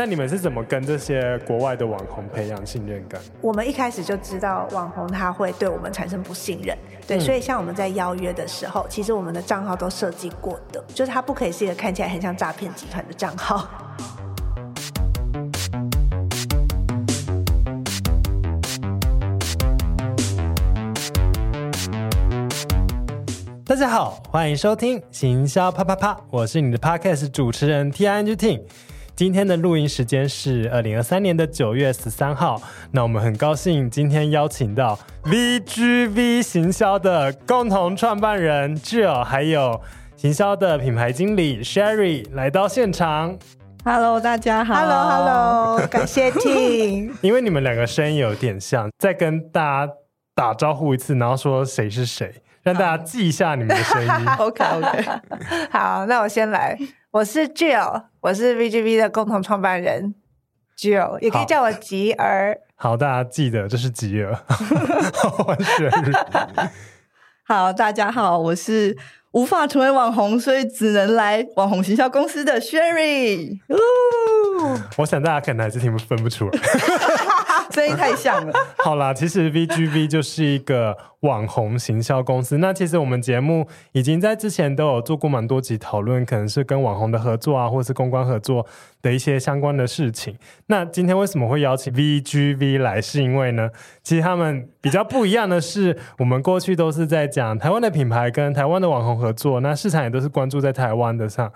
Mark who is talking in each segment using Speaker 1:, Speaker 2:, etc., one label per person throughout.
Speaker 1: 那你們是怎麼跟這些國外的網紅培養信任感？
Speaker 2: 我們一開始就知道網紅他會對我們產生不信任，對，嗯。所以像我們在邀約的時候，其實我們的賬號都設計過的，就是他不可以是一個看起來很像詐騙集團的賬號。
Speaker 1: 嗯。大家好，歡迎收聽行銷啪啪啪啪，我是你的 podcast 主持人 Ting Ting。今天的錄音時間是二零二三年的九月十三號。那我們很高興今天邀請到 VGV 行銷的共同創辦人 Jill，還有行銷的品牌經理 Sherry 來到現場。
Speaker 3: Hello，大家好。Hello，Hello，hello, 感謝聽。
Speaker 1: 因為你們兩個聲音有點像，再跟大家打招呼一次，然後說誰是誰，讓大家記一下你們的聲音。 OK，OK okay, okay.
Speaker 2: 好，那我先來。我是 Jill，我是 VGV 的共同創辦人 Jill，也可以叫我吉兒。
Speaker 3: 好，大
Speaker 1: 家記得這是吉兒。
Speaker 3: 沒 好，大家好，我是無法成為網紅，所以只能來網紅行銷公司的 Sherry。Woo!
Speaker 1: 我想大家可能還是聽不，分不出來。 聲 音太像了。 好啦，其實 VGV 就是一個網紅行銷公司。 那其實我們節目已經在之前都有做過蠻多集討論，可能是跟網紅的合作啊，或者是公關合作的一些相關的事情。那今天為什麼會邀請 VGV 來？是因為呢，其實他們比較不一樣的是， 我們過去都是在講台灣的品牌跟台灣的網紅合作，那市場也都是關注在台灣的上。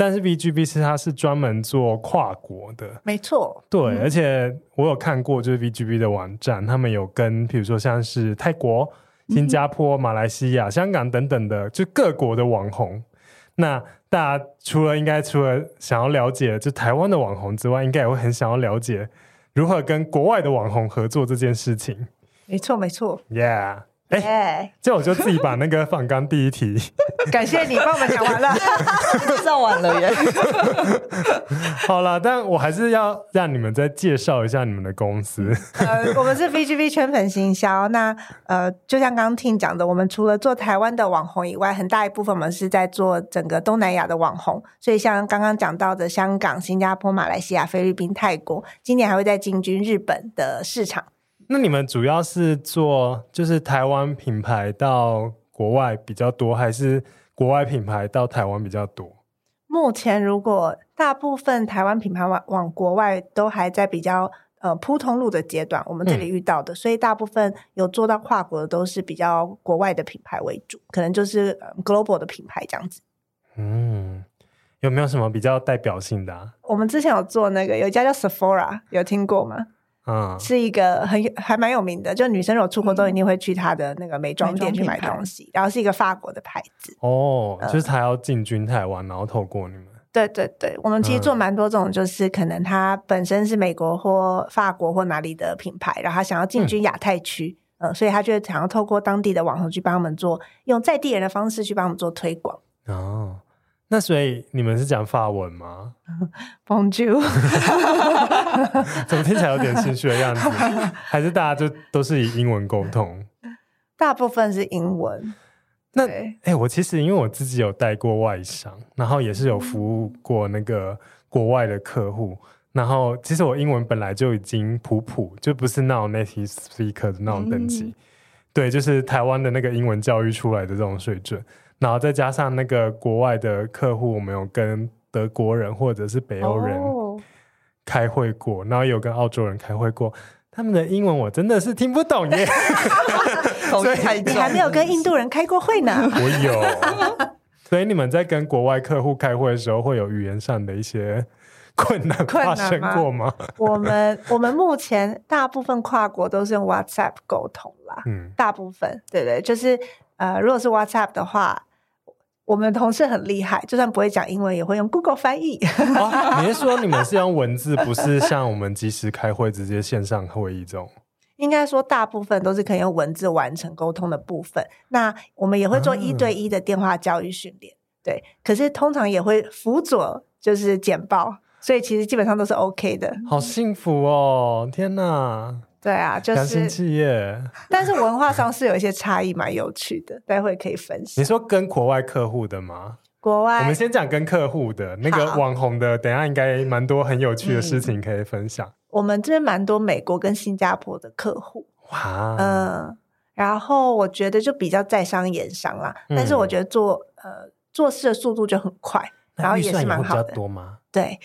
Speaker 1: 但是 VGV 是，它是專門做跨國
Speaker 2: 的。沒錯。
Speaker 1: 對、嗯，而且我有看過，就是 VGV 的網站，他們有跟，譬如說像是泰國、新加坡、馬來西亞、香港等等的，就各國的網紅。嗯、那大家除了應該除了想要了解就台灣的網紅之外，應該也會很想要了解如何跟國外的網紅合作這件事情。
Speaker 2: 沒錯，沒錯。Yeah。哎、欸，這、yeah。
Speaker 1: 我就自己把那個放剛第一題 。
Speaker 2: 感謝你幫我們講完了，介紹完了耶。
Speaker 1: 好啦，但我還是要讓你們再介紹一下你們的公司。
Speaker 2: 呃，我們是 VGV 圈粉行銷。那呃，就像剛剛聽講的，我們除了做台灣的網紅以外，很大一部分我們是在做整個東南亞的網紅。所以像剛剛講到的香港、新加坡、馬來西亞、菲律賓、泰國，今年還會再進軍日本的市場。
Speaker 1: 那你們主要是做就是台灣品牌到國外比較多，還是國外品牌到台灣比較多？
Speaker 2: 目前如果大部分台灣品牌往，往國外都還在比較呃鋪通路的階段，我們這裡遇到的，嗯，所以大部分有做到跨國的都是比較國外的品牌為主，可能就是 global 的品牌這樣子。
Speaker 1: 嗯，有沒有什麼比較代表性的啊？
Speaker 2: 我們之前有做那個有一家叫 Sephora，有聽過嗎？嗯，是一個很有還蠻有名的，就女生有出國都一定會去他的那個美妝店去買東西，然後是一個法國的牌
Speaker 1: 子。哦，就是她要進軍台灣，然後透過你們。
Speaker 2: 嗯，對對對，我們其實做蠻多種，就是可能她本身是美國或法國或哪裡的品牌，然後她想要進軍亞太區，嗯，嗯，所以她就想要透過當地的網紅去幫我們做，用在地人的方式去幫我們做推廣。
Speaker 1: 哦。那所以你們是講法文嗎？Bonjour 怎麼聽起來有點興趣的樣子？ 還是大家就都是以英文溝通？
Speaker 2: 大部分是英文。
Speaker 1: 那哎、欸，我其實因為我自己有帶過外商，然後也是有服務過那個國外的客戶，嗯、然後其實我英文本來就已經普普，就不是那種 native speaker 的那種等級，嗯，對，就是台灣的那個英文教育出來的這種水準。然後再加上那個國外的客戶，我們有跟德國人或者是北歐人開會過，Oh. 然後有跟澳洲人開會過。他們的英文我真的是聽不懂耶， 所以你還沒有跟印度人
Speaker 2: 開過會呢。 我
Speaker 1: 有，所以你們在跟國外客戶開會的時候，會有語言上的一些困難發生過嗎？嗎？我們
Speaker 2: 我們目前大部分跨國都是用 WhatsApp 溝通啦，嗯，大部分對對對，就是呃，如果是 WhatsApp 的話。我們同事很厲害，就算不會講英文，也會用 Google 翻譯。你
Speaker 1: 是、哦、說你們是用文字， 不是像我們即時開會，直接線上會議這種？
Speaker 2: 應該說大部分都是可以用文字完成溝通的部分。那我們也會做一對一的電話教育訓練，嗯、對。可是通常也會輔佐，就是簡報，所以其實基本上都是 OK 的。
Speaker 1: 好幸福哦！天哪。
Speaker 2: 對啊，就是。 但是文化上是有一些差異，蠻有趣的，待會可以分享。
Speaker 1: 你說跟國外客戶的嗎？國外。我們先講跟客戶的那個網紅的，等一下應該蠻多很有趣的事情可以分享。
Speaker 2: 嗯、我們這邊蠻多美國跟新加坡的客戶。哇。嗯、呃。然後我覺得就比較在商言商啦，嗯、但是我覺得做呃做事的速度就很快，然後也是蠻好的。多嗎？對。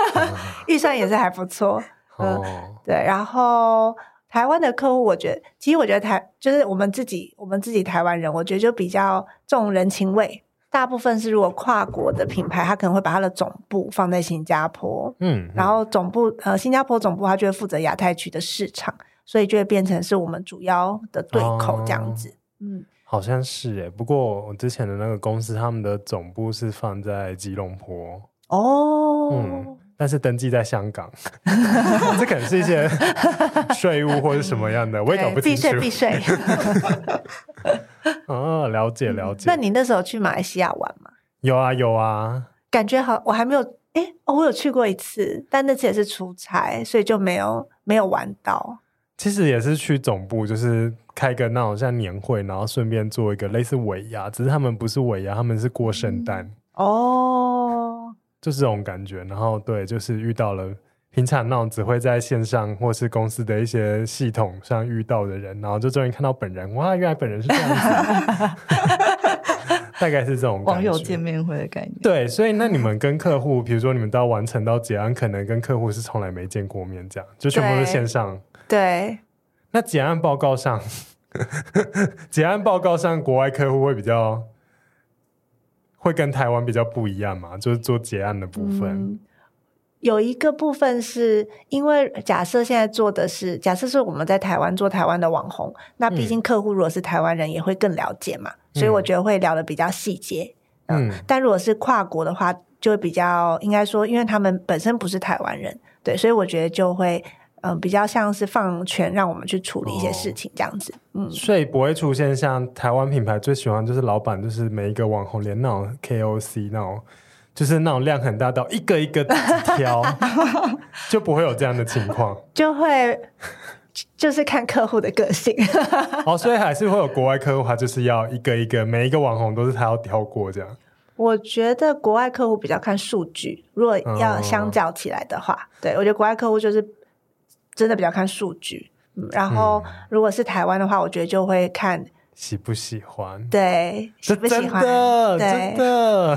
Speaker 2: 預算也是還不錯。嗯哦、對。然後台灣的客戶，我覺得其實我覺得台就是我們自己，我們自己台灣人，我覺得就比較重人情味。大部分是如果跨國的品牌，他可能會把他的總部放在新加坡，嗯，然後總部呃新加坡總部，他就會負責亞太區的市場，所以就會變成是我們主要的對口這樣子。哦、嗯，好像是
Speaker 1: 耶。不過我之前的那個公司，他們的總部是放在吉隆坡。哦，嗯。但是登記在香港， 這可能是一些稅務或者什麼樣的， 我也搞不清楚。避稅，避稅。哦、 嗯，了解了解、
Speaker 2: 嗯。那你那時候去馬來西亞玩嗎？
Speaker 1: 有啊，有啊。
Speaker 2: 感覺好，我還沒有。哎、欸，我有去過一次，但那次也是出差，所以就沒有沒有玩到。
Speaker 1: 其實也是去總部，就是開個那種像年會，然後順便做一個類似尾牙，只是他們不是尾牙，他們是過聖誕、嗯。哦。就是這種感覺，然後對，就是遇到了平常那種只會在線上或是公司的一些系統上遇到的人，然後就終於看到本人，哇，原來本人是這樣子， 大概是這種網友見
Speaker 3: 面會的概念。
Speaker 1: 對，所以那你們跟客戶，比如說你們到完成到結案，可能跟客戶是從來沒見過面，這樣就全部是線上。對。
Speaker 2: 對
Speaker 1: 那結案報告上，結 案報告上國外客戶會比較。會跟台灣比較不一樣嘛，就是做結案的部
Speaker 2: 分。嗯、有一個部分是因為假設現在做的是，假設是我們在台灣做台灣的網紅，那畢竟客戶如果是台灣人，也會更了解嘛、嗯，所以我覺得會聊得比較細節。嗯、啊，但如果是跨國的話，就會比較應該說，因為他們本身不是台灣人，對，所以我覺得就會。嗯，比較像是放權，讓我們去處理一些事情這樣子，
Speaker 1: 哦、嗯，所以不會出現像台灣品牌最喜歡的就是老板就是每一個網紅連那種 KOC 那種，就是那種量很大到一個一個挑。 就不會有這樣的情況，
Speaker 2: 就會就是看客戶的個性，
Speaker 1: 哦，所以還是會有國外客戶他就是要一個一個每一個網紅都是他要挑過這樣，
Speaker 2: 我覺得國外客戶比較看數據，如果要相較起來的話，哦、對，我覺得國外客戶就是。真的比較看數據，然後如果是台灣的話，嗯、我覺得就會看
Speaker 1: 喜不喜歡。
Speaker 2: 對，喜不喜歡？真的，真的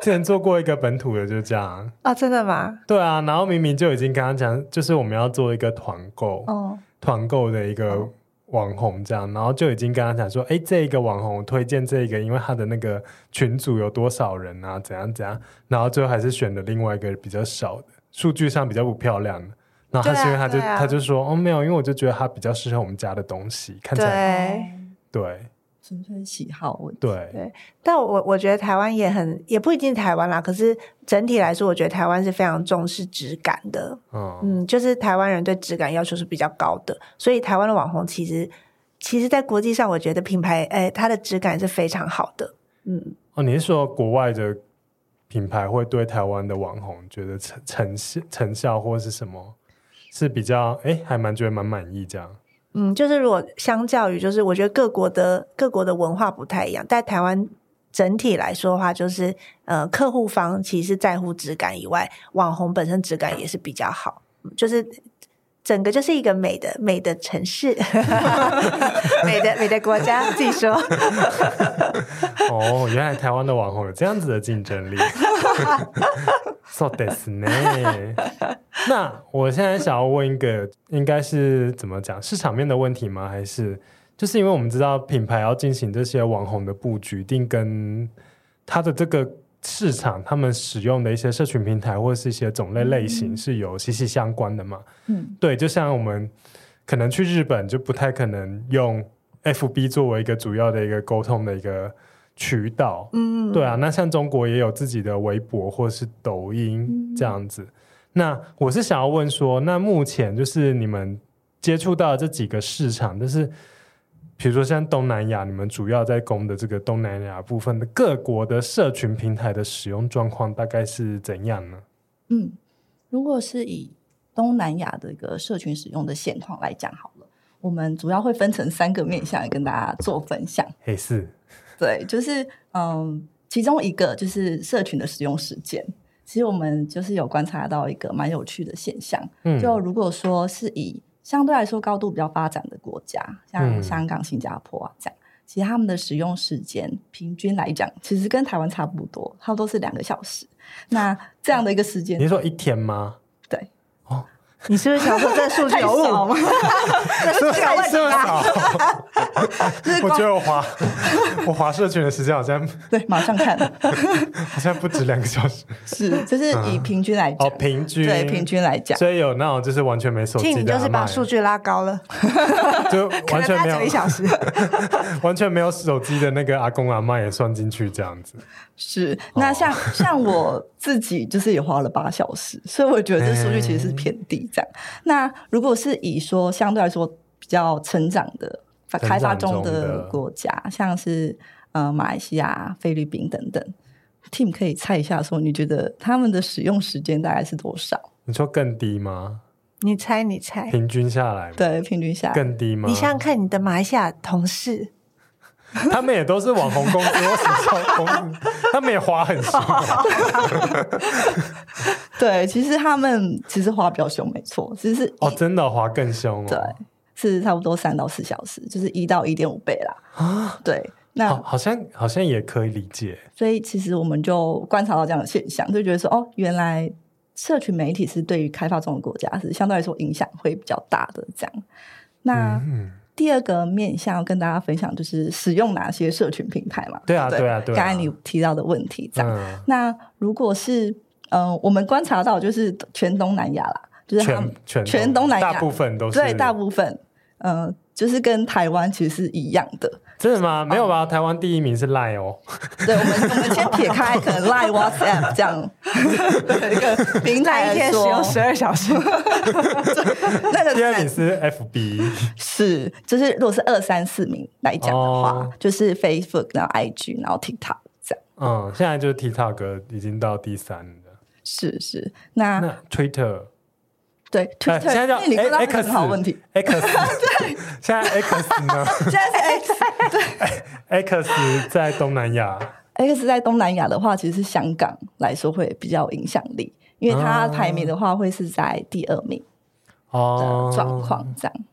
Speaker 1: 之前做過一個本土的，就這樣
Speaker 2: 啊、哦，真的嗎？
Speaker 1: 對啊，然後明明就已經跟他講，就是我們要做一個團購，哦，團購的一個網紅這樣，然後就已經跟他講說，哎，這一個網紅推薦這個，因為他的那個群組有多少人啊，怎樣怎樣，然後最後還是選了另外一個比較少的，數據上比較不漂亮的。
Speaker 3: 然後他是因為他就、啊啊、他就說
Speaker 1: 哦沒有，因為我就覺得他比較適合我們家的東西，看起來很對，對，
Speaker 3: 純純喜好。我覺
Speaker 1: 得對對，
Speaker 2: 但我我覺得台灣也很也不一定是台灣啦，可是整體來說，我覺得台灣是非常重視質感的。嗯嗯，就是台灣人對質感要求是比較高的，所以台灣的網紅其實其實，在國際上，我覺得品牌哎、欸，它的質感是非常好的。
Speaker 1: 嗯，哦，你是說國外的品牌會對台灣的網紅覺得成成效成效或是什麼？是比較哎、欸，還蠻覺得蠻滿意這樣。
Speaker 2: 嗯，就是如果相較於，就是我覺得各國的各國的文化不太一樣，在台灣整體來說的話，就是呃，客戶方其實在乎質感以外，網紅本身質感也是比較好，就是。整個就是一個美的美的城市， 美的美的國家，自己說。
Speaker 1: 哦，原來台灣的網紅有這樣子的競爭力。So this 呢？ 那我現在想要問一個，應該是怎麼講市場面的問題嗎？還是就是因為我們知道品牌要進行這些網紅的布局，一定跟它的這個。市場他們使用的一些社群平台或者是一些種類類型是有息息相關的嘛？嗯，對，就像我們可能去日本就不太可能用 FB 作為一個主要的一個溝通的一個渠道。嗯，對啊，那像中國也有自己的微博或者是抖音這樣子。嗯。那我是想要問說，那目前就是你們接觸到這幾個市場，就是。比如說像東南亞，你們主要在攻的這個東南亞部分的各國的社群平台的使用狀況大概是怎樣呢？嗯，
Speaker 3: 如果是以東南亞的一個社群使用的現況來講好了，我們主要會分成三個面向來跟大家做分享。嘿，是，對，就是嗯，其中一個就是社群的使用時間。其實我們就是有觀察到一個蠻有趣的現象，嗯，就如果說是以相對來說，高度比較發展的國家，像香港、新加坡啊、嗯、這樣，其實他們的使用時間平均來講，其實跟台灣差不多，差不多是兩個小時。那這樣的一個時間， 你說
Speaker 1: 一天嗎？
Speaker 3: 你是不是想說這數據有誤嗎？
Speaker 2: 這 太誤 是太少，啊
Speaker 3: 日光。我覺得我滑
Speaker 1: 我滑社群的時間好像 對，馬上看了，好 像 不止兩個小時。
Speaker 3: 是，就是以平均來
Speaker 1: 講，哦，平均對，平均來講，所以有那種就是完全沒手機的阿媽，你就是把數
Speaker 3: 據拉高了， 就
Speaker 1: 完全沒有一小時，完全沒有手機的那個阿公阿媽也算進去，這樣子。
Speaker 3: 是，那像像我自己就是也花了八小時，所以我覺得這數據其實是偏低。這樣，那如果是以說相對來說比較成長的，發開發中的國家，像是，呃、馬來西亞、菲律賓等等，Tim 可以猜一下，說你覺得他們的使用時間大概是多少？
Speaker 1: 你說更低嗎？
Speaker 3: 你猜，你猜，
Speaker 1: 平均下來，
Speaker 3: 對，平
Speaker 2: 均下來更
Speaker 1: 低嗎？你想想
Speaker 2: 看，你的馬來西亞同事。
Speaker 1: 他們也都是網紅公司，公司、時 尚他們也花很兇、啊。
Speaker 3: 對，其實他們其實花比較兇，沒錯，只是
Speaker 1: 哦，真的花更兇、
Speaker 3: 哦，對，是差不多三到四小時，就是一到一點五倍啦。啊，對，
Speaker 1: 那好，好像好像也可以理解。
Speaker 3: 所以其實我們就觀察到這樣的現象，就覺得說哦，原來社群媒體是對於開發中的國家是相對來說影響會比較大的這樣。那。嗯第二個面向要跟大家分享，就是使用哪些社群平台嘛？對啊，對啊，對啊。剛才你提到的問題，這樣、嗯。那如果是，嗯、呃，我們觀察到，就是全東南亞啦，就是全全東，
Speaker 1: 全東南亞大部分都是。對，大
Speaker 3: 部分，嗯、呃，就是跟台灣其實是一樣的。
Speaker 1: 真的嗎？沒有吧？哦、台灣第一名是 LINE 哦。對，
Speaker 3: 我們我們先撇開可能 LINE WhatsApp 這樣一、 那個平台一天使用十二小時，那個第二名
Speaker 1: 是 FB。
Speaker 3: 是，就是如果是二三四名來講的話、哦，就是 Facebook，然後 IG，然後 TikTok 這樣。
Speaker 1: 嗯，現在就是 TikTok 已經到第三了。
Speaker 3: 是是，那，那 Twitter。對，Twitter，對，現在
Speaker 1: 叫 -X，你問好問題 A X, A -X 對，現在、A、X 呢？ 現在是 X 對、A、，X 在東南亞。
Speaker 3: A、X 在東南亞的話，其實是香港來說會比較有影響力，嗯、因為它排名的話會是在第二名
Speaker 1: 哦。狀況這樣、嗯，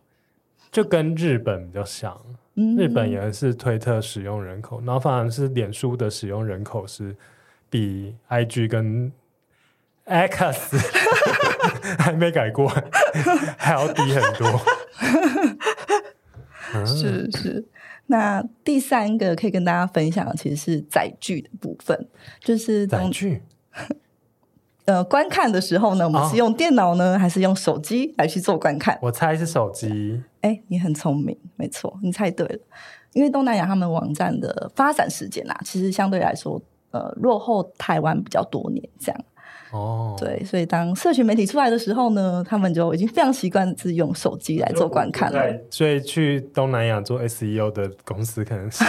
Speaker 1: 就跟日本比較像。日本也是推特使用人口，嗯、然後反而是臉書的使用人口是比 IG 跟、A、X。 還沒改過，還要低很多。
Speaker 2: 是是，
Speaker 3: 那第三個可以跟大家分享的，其實是載具的部分，就是載具。呃，觀看的時候呢，我們是用電腦呢、哦，還是用手機來去做觀看？我猜是手機。哎、欸，你很聰明，沒錯，你猜對了。因為東南亞他們網站的發展時間呢、啊，其實相對來說，呃，落後台灣比較多年，這樣。哦、oh.，對，所以當社群媒體出來的時候呢，他們就已經非常習慣是用手機來做觀看了。
Speaker 1: 所以去東南亞做 SEO 的公司可能是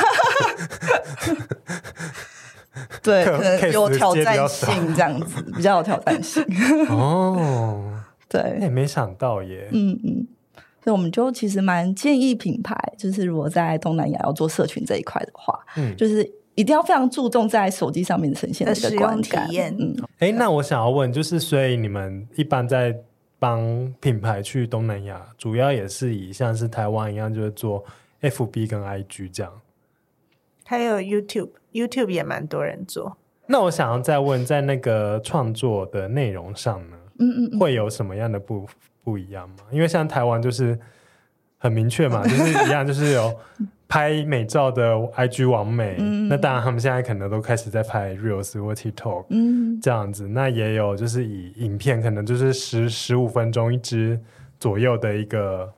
Speaker 3: 對，可能有挑戰性這樣子，比較有挑戰
Speaker 1: 性。哦、 oh.，對、欸，沒想到耶。 嗯嗯，
Speaker 3: 所以我們就其實蠻建議品牌，就是如果在東南亞要做社群這一塊的話，嗯，就是。一定要非常注重在手機上面呈現的
Speaker 1: 使用體驗。哎、嗯，那我想要問，就是所以你們一般在幫品牌去東南亞，主要也是以像是台灣一樣，就是做 FB 跟 IG 這樣。
Speaker 2: 還有 YouTube，YouTube YouTube 也蠻多人做。
Speaker 1: 那我想要再問，在那個創作的內容上呢？嗯嗯，會有什麼樣的不不一樣嗎？因為像台灣就是很明確嘛，就是一樣，就是有。 拍美照的 IG 網美、嗯，那當然他們現在可能都開始在拍 Reels 或 TikTok，這樣子、嗯。那也有就是以影片，可能就是十十五分鐘一支左右的一個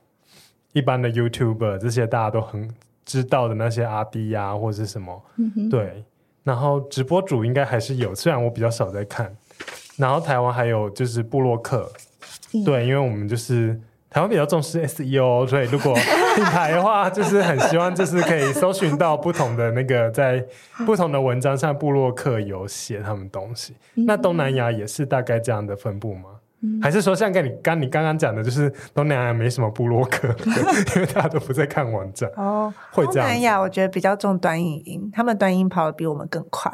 Speaker 1: 一般的 YouTuber 這些大家都很知道的那些阿滴啊，或者是什麼、嗯，對。然後直播主應該還是有，雖然我比較少在看。然後台灣還有就是部落客，對，因為我們就是。台灣比較重視 SEO，所以如果品牌的話， 就是很希望就是可以搜尋到不同的那個在不同的文章上，部落客有寫他們東西。 那東南亞也是大概這樣的分布嗎？嗯、還是說像跟你剛你剛剛講的，就是東南亞沒什麼部落客，因為大家都不在看網站。哦，
Speaker 2: 會這樣。東南亞我覺得比較重短影音，他們短影跑得比我們更快。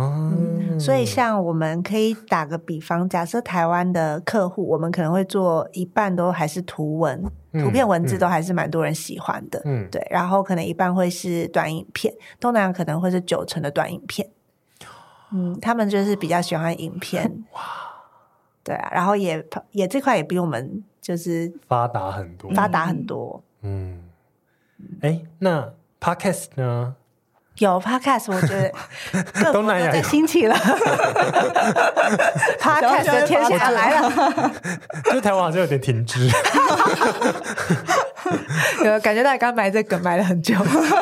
Speaker 2: 嗯嗯、所以像我們可以打個比方，假設台灣的客戶，我們可能會做一半都還是圖文、嗯、圖片、文字都還是蠻多人喜歡的，嗯，對，然後可能一半會是短影片，東南亞可能會是九成的短影片，嗯，他們就是比較喜歡影片，哇，對啊，然後也也這塊也比我們就是發達很多，發達很多，嗯，
Speaker 1: 哎、嗯嗯欸，那 Podcast 呢？
Speaker 2: 有 Podcast，我覺
Speaker 1: 得東南亞在興起
Speaker 2: 了 ，Podcast 的天下來了。
Speaker 1: 就台灣好像有點停滯，
Speaker 2: 有感覺大家剛，剛埋這梗、個、埋了很久，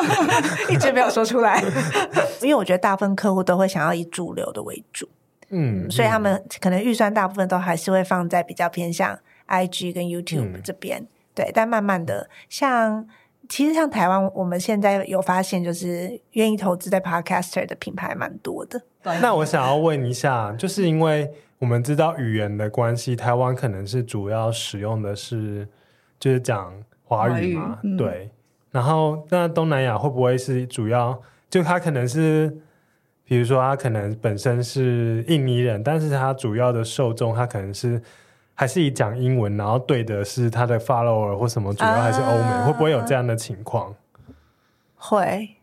Speaker 2: 一直沒有說出來。 因為我覺得大部分客戶都會想要以主流的為主，嗯，所以他們可能預算大部分都還是會放在比較偏向 IG 跟 YouTube 這邊，嗯、對。但慢慢的，像。其實像台灣，我們現在有發現，就是願意投資在 Podcaster 的品牌蠻多的。
Speaker 1: 那我想要問一下，就是因為我們知道語言的關係，台灣可能是主要使用的是就是講華語嘛，華語嗯、對。然後那東南亞會不會是主要？就他可能是，比如說他可能本身是印尼人，但是他主要的受眾他可能是。還是以講英文，然後對的是他的 follower 或什麼，主要、啊、還是歐美，會不會有這樣的情況？
Speaker 2: 會，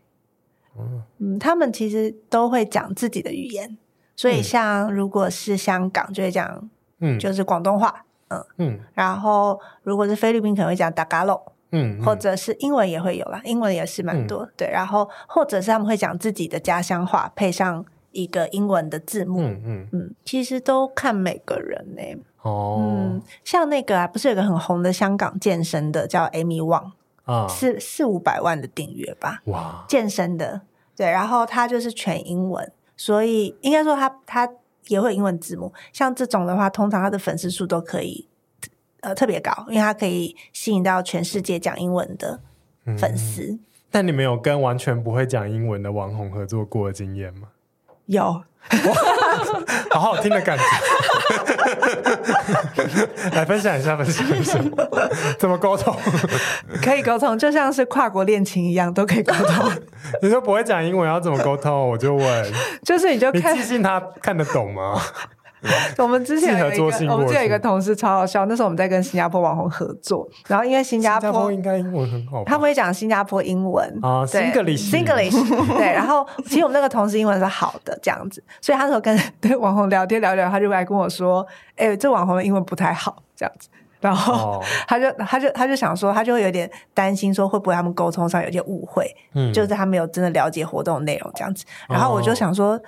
Speaker 2: 嗯他們其實都會講自己的語言，所以像如果是香港就會講，嗯，就是廣東話，嗯嗯，然後如果是菲律賓可能會講 Tagalog，嗯，嗯，或者是英文也會有啦，英文也是蠻多、嗯，對，然後或者是他們會講自己的家鄉話，配上一個英文的字幕，嗯嗯嗯，其實都看每個人呢、欸。哦、嗯，像那個、啊、不是有個很紅的香港健身的叫 Amy Wang 啊、哦，四四五百萬的訂閱吧，哇，健身的，對，然後他就是全英文，所以應該說他他也會英文字母，像這種的話，通常他的粉絲數都可以呃特別高，因為他可以吸引到全世界講英文的粉絲。嗯、
Speaker 1: 但你沒有跟完全不會講英文的網紅合作過的經驗嗎？
Speaker 2: 有。
Speaker 1: 哇，好好聽的感覺。 來分享一下，分享一下。怎麼溝通？
Speaker 2: 可以溝通，就像是跨國戀情一樣，都可以溝通。
Speaker 1: 你說不會講英文，要怎麼溝通？我就問，就是你就看你自信他看得懂嗎？
Speaker 2: 我們之前有一個我們之前有一個同事超好笑，那時候我們在跟新加坡網紅合作，然後因為新加坡，新加坡應該英文很好，他會講新加坡英文啊，Singlish Singlish，對，對。然後其實我們那個同事英文是好的，這樣子，所以他那時候跟對網紅聊天聊聊，他就會來跟我說，哎、欸，這網紅的英文不太好，這樣子。然後他就他就他就，他就想說，他就會有點擔心，說會不會他們溝通上有些誤會，嗯，就是他沒有真的了解活動內容這樣子。然後我就想說，嗯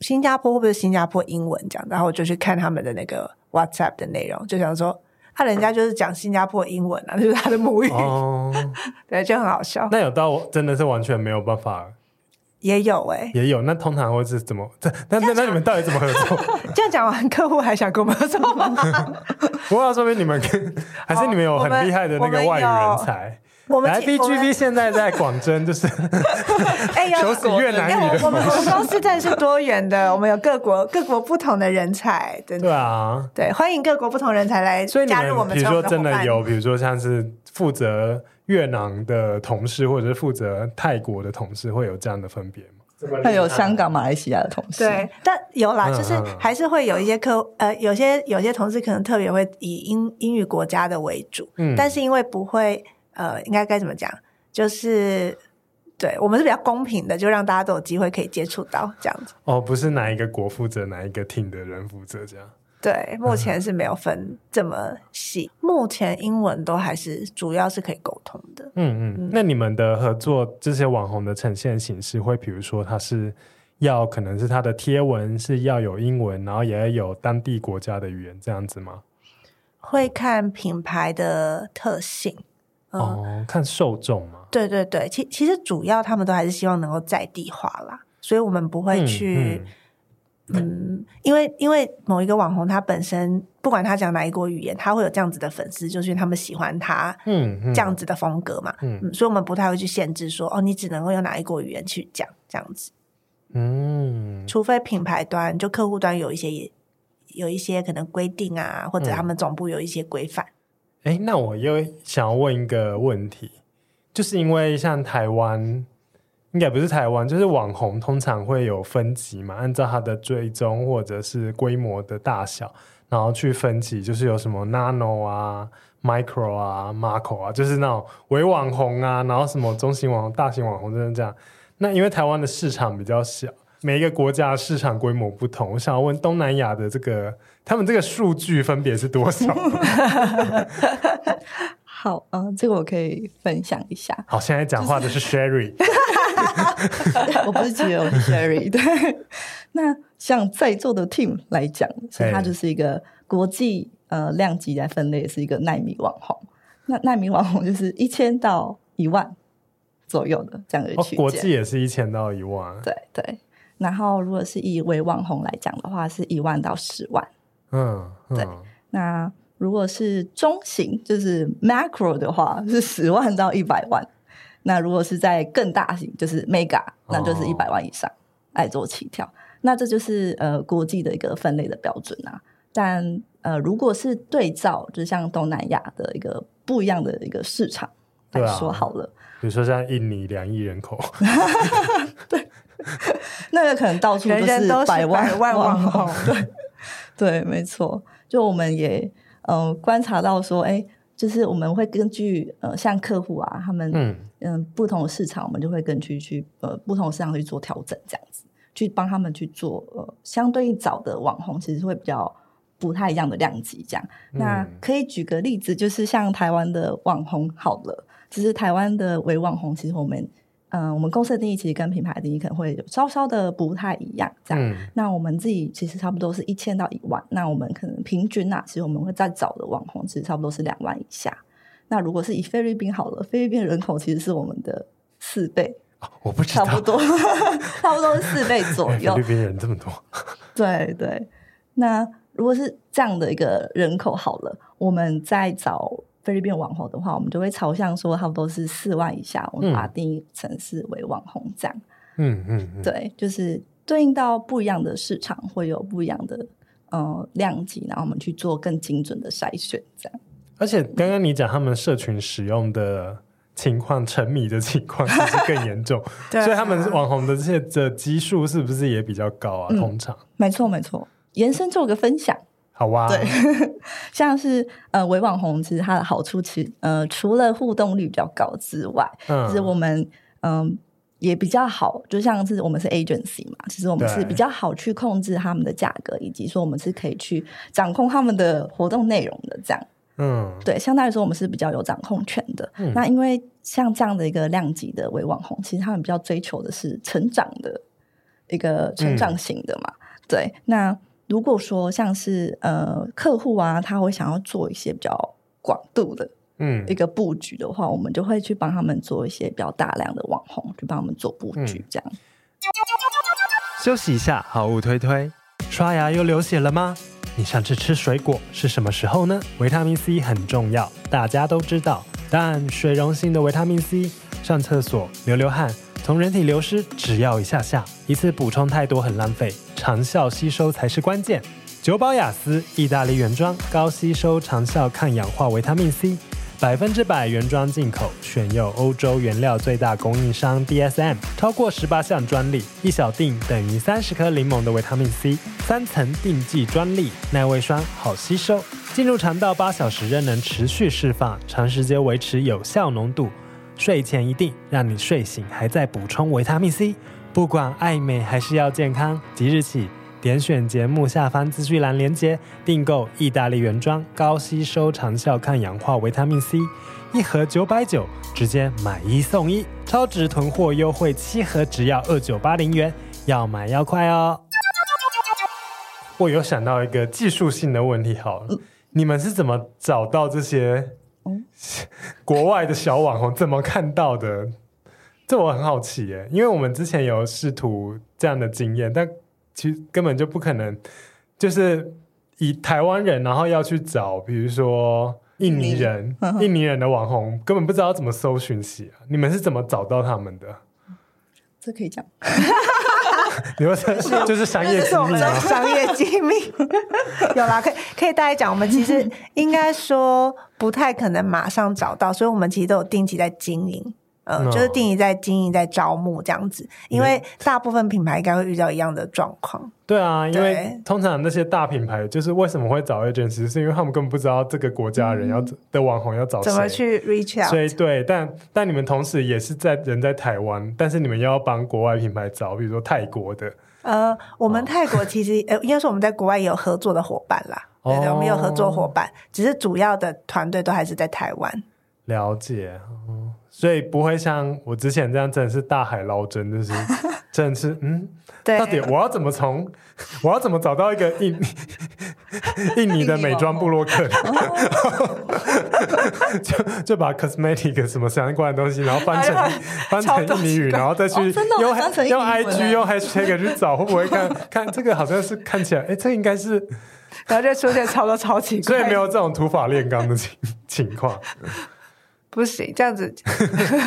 Speaker 2: 新加坡會不會是新加坡英文這樣？然後我就去看他們的那個 WhatsApp 的內容，就想說，他人家就是講新加坡英文啊，就是他的母語，oh,
Speaker 1: 對，就很好笑。那有到我真的是完全沒有辦法，
Speaker 2: 也有誒、欸、
Speaker 1: 也有。那通常會是怎麼？那那那你們到底怎麼合作？ 這
Speaker 2: 樣講完，客戶還想跟我們合作。麼
Speaker 1: 不過、啊、說明你們還是你們有很厲害的那個外語人才。Oh,
Speaker 2: 我們 VGV 們來現
Speaker 1: 在在廣真就是
Speaker 2: 哎求死，哎呀，越南我們我們公司真的是多元的，我們有各國各國不同的人才對。對啊，對，歡迎各國不同人才來所以加入我們。比如說真的有，比
Speaker 1: 如說像是負責越南的同事，或者是負責泰國的同事，會有這樣的分別嗎？
Speaker 2: 會有香港、
Speaker 3: 馬來西亞的同事。對，
Speaker 2: 但有啦，就是還是會有一些客、嗯嗯，呃，有些有些同事可能特別會以英英語國家的為主，嗯，但是因為不會。呃，應該該怎麼講？就是，對我們是比較公平的，就讓大家都有機會可以接觸到這樣子。
Speaker 1: 哦，不是哪一個國負責，哪一個 team 的人負責這樣。
Speaker 2: 對，目前是沒有分這麼細。 目前英文都還是主要是可以溝通
Speaker 1: 的。嗯嗯。嗯，那你們的合作這些網紅的呈現形式會，會比如說他是要可能是他的貼文是要有英文，然後也要有當地國家的語言這樣子嗎？
Speaker 2: 會看品牌的特性。
Speaker 1: 哦、嗯，看受眾嘛。
Speaker 2: 對對對，其其實主要他們都還是希望能夠在地化啦，所以我們不會去，嗯，嗯嗯，因為因為某一個網紅他本身不管他講哪一國語言，他會有這樣子的粉絲，就是他們喜歡他，嗯，這樣子的風格嘛嗯嗯。嗯，所以我們不太會去限制說，哦，你只能夠用哪一國語言去講這樣子。嗯，除非品牌端就客戶端有一些有一些可能規定啊，或者他們總部有一些規範。嗯
Speaker 1: 誒，那我又想要問一個問題，就是因為像台灣，應該不是台灣，就是網紅通常會有分級嘛，按照它的追蹤或者是規模的大小，然後去分級，就是有什麼 nano 啊、micro 啊、macro 啊，就是那種微網紅啊，然後什麼中型網紅、大型網紅，就是這樣。那因為台灣的市場比較小，每一個國家的市場規模不同，我想要問東南亞的這個。他們這個數據分別是多少？
Speaker 3: 好，嗯、啊，這個我可以分享一下。
Speaker 1: 好，現在講話的是 Sherry。
Speaker 3: 我不是只有 Sherry。那像在座的 Team 來講，所以他就是一個國際呃量級來分類，是一個奈米網紅。那奈米網紅就是一千到一萬左右的這樣的區間。國際
Speaker 1: 也是一千到一萬。對
Speaker 3: 對。然後如果是以微網紅來講的話，是一萬到十萬。嗯，嗯，對。那如果是中型，就是 macro 的話，是十萬到一百萬。那如果是在更大型，就是 mega，那就是一百萬以上來、哦、做起跳。那這就是呃國際的一個分類的標準啊。但呃，如果是對照，就像東南亞的一個不一樣的一個市場對、啊、來說好
Speaker 1: 了，比如說像印尼兩億人口，
Speaker 3: 對，那個可能到處都是百萬網紅，對。 對，沒錯，就我們也呃觀察到說，哎，就是我們會根據呃像客戶啊他們嗯，嗯不同的市場，我們就會根據去呃不同的市場去做調整，這樣子去幫他們去做呃相對於早的網紅，其實會比較不太一樣的量級這樣，嗯。那可以舉個例子，就是像台灣的網紅好了，其實台灣的微網紅，其實我們。嗯，我們公司的定義其實跟品牌的定義可能會稍稍的不太一樣，這樣、嗯。那我們自己其實差不多是一千到一萬，那我們可能平均啊，其實我們會再找的網紅，其實差不多是兩萬以下。那如果是以菲律賓好了，菲律賓人口其實是我們的四倍，哦、我
Speaker 1: 不知道，差不多，
Speaker 3: 差不多是四倍左右。 菲律
Speaker 1: 賓人這麼多，
Speaker 3: 對對。那如果是這樣的一個人口好了，我們再找。菲律賓網紅的話，我們就會朝向說，差不多是四萬以下，我們把它定義城市為網紅這樣。嗯
Speaker 1: 嗯嗯，對，
Speaker 3: 就是對應到不一樣的市場，會有不一樣的呃量級，然後我們去做更精準的篩選，這樣。
Speaker 1: 而且剛剛你講他們社群使用的情況，沉迷的情況是不是更嚴重？ 對啊、 所以他們網紅的這些的基數是不是也比較高啊？通常。
Speaker 3: 嗯、沒錯，沒錯。延伸做個分享。好哇、啊！對，像是呃，微網紅其實它的好處，其實呃，除了互動率比較高之外，就、嗯、是我們嗯、呃、也比較好。就像是我們是 agency 嘛，其實我們是比較好去控制他們的價格，以及說我們是可以去掌控他們的活動內容的這樣。嗯，對，相當於說我們是比較有掌控權的、嗯。那因為像這樣的一個量級的微網紅，其實他們比較追求的是成長的一個成長型的嘛。嗯、對，那。如果說像是呃客戶啊，他會想要做一些比較廣度的嗯一個佈局的話，嗯，我們就會去幫他們做一些比較大量的網紅去幫他們做佈局這樣。嗯、
Speaker 1: 休息一下，好物推推，刷牙又流血了嗎？你上次吃水果是什麼時候呢？維他命 C 很重要，大家都知道，但水溶性的維他命 C，上廁所，流流汗，從人體流失只要一下下，一次補充太多很浪費，長效吸收才是關鍵。久保雅司意大利原裝高吸收長效抗氧化維他命 C，百分之百原裝進口，選用歐洲原料最大供應商 DSM，超過十八項專利，一小錠等於三十顆檸檬的維他命 C，三層錠劑專利，耐胃酸好吸收，進入腸道八小時仍能持續釋放，長時間維持有效濃度。睡前一定讓你睡醒，還在補充維他命 C，不管愛美還是要健康。即日起，點選節目下方資訊欄連結，訂購義大利原裝高吸收長效抗氧化維他命 C，一盒九百九，直接買一送一，超值囤貨優惠，七盒只要二九八零元，要買要快哦。我有想到一個技術性的問題，好了，好，嗯，你們是怎麼找到這些？嗯、國外的小網紅怎麼看到的？這我很好奇耶，因為我們之前有試圖這樣的經驗，但其實根本就不可能。就是以台灣人，然後要去找，比如說印尼人，嗯、呵呵印尼人的網紅，根本不知道怎麼搜尋起啊。你們是怎麼找到他們的？
Speaker 3: 這可以講。
Speaker 1: 有 啊不是， 就是商 業機密啊，商
Speaker 2: 業機密 有啦。可以可以大家講， 我們其實應該說不太可能馬上找到，所以我們其實都有定期在經營。嗯、呃，就是定義在、哦、經營，在招募這樣子，因為大部分品牌應該會遇到一樣的狀況。
Speaker 1: 對啊，對，因為通常那些大品牌就是為什麼會找 agency 是因為他們根本不知道這個國家人要、嗯、的網紅要找什麼怎麼去 reach out。所以對，但但你們同時也是在人在台灣，但是你們又要幫國外品牌找，比如說泰國的。
Speaker 2: 呃，我們泰國其實、哦、呃，應該是我們在國外也有合作的夥伴啦。哦、對，對我們有合作夥伴，只是主要的團隊都還是在台灣。
Speaker 1: 了解。嗯所以不會像我之前這樣，真的是大海撈針，就是真的是嗯對，到底我要怎麼從我要怎麼找到一個印尼印尼的美妝部落客？哦哦、 就就把 cosmetic 什麼相關的東西，然後翻成翻成印尼語，然後再去、哦、用，用 IG 用 hashtag 去找，會不會看看這個好像是看起來，哎，這應該是，然後就說起來超多超奇怪，所以沒有這種土法煉鋼的情情況。
Speaker 2: 不行，這樣子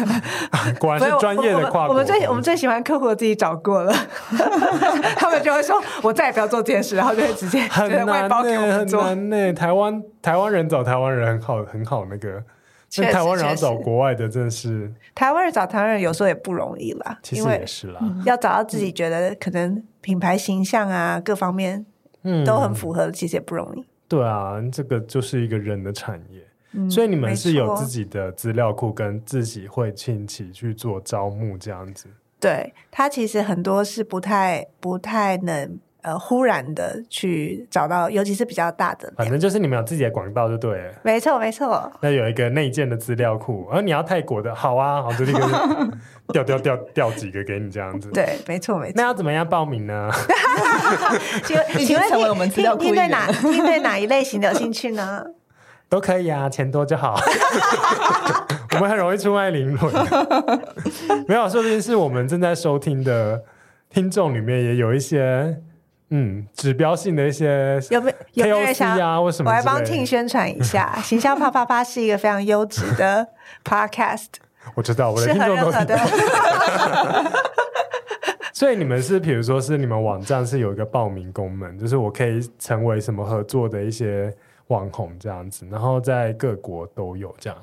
Speaker 2: ，
Speaker 1: 果然是專業的跨國。 我們最我們
Speaker 2: 最喜歡客戶的自己找過了， 他們就會說，我再也不要做這件事，然後就會直接就外包給我們做、很
Speaker 1: 難欸，很難欸。台灣台灣人找台灣人很好很好，那個確實，但台灣人要找國外的，真的是
Speaker 2: 台灣人找台灣人有時候也不容易啦，其實也是啦。要找到自己覺得可能品牌形象啊、嗯、各方面都很符合，其實也不容易。嗯、
Speaker 1: 對啊，這個就是一個人的產業。
Speaker 2: 嗯、所以你們是有自己
Speaker 1: 的資料庫，跟自己會親戚去做招募這樣子。嗯、
Speaker 2: 對，他其實很多是不太不太能呃忽然的去找到，尤其是比較大的。
Speaker 1: 反正就是你們有自己的廣告就對了。
Speaker 2: 沒錯沒錯，
Speaker 1: 那有一個內建的資料庫，而、呃、你要泰國的好啊，好，就那個挑挑挑挑幾個給你這樣子。
Speaker 2: 對，沒錯沒錯。那要
Speaker 1: 怎麼樣報名呢？
Speaker 2: 請 問 請問，我們資料庫對哪聽對哪一類型的有興趣呢？
Speaker 1: 都可以啊，錢多就好。 我們很容易出賣靈魂。 沒有，說不定是我們正在收聽的聽眾裡面也有一些嗯，指標性的一些，
Speaker 2: 啊，有沒有 KOC 啊，或什麼？我來幫 Tim 宣傳一下，行 銷啪啪啪是一個非常優質的 Podcast 的。
Speaker 1: 我知道我的聽眾都是。所以你們是，比如說是你們網站是有一個報名功能，就是我可以成為什麼合作的一些。網紅這樣子，然後在各國都有這樣，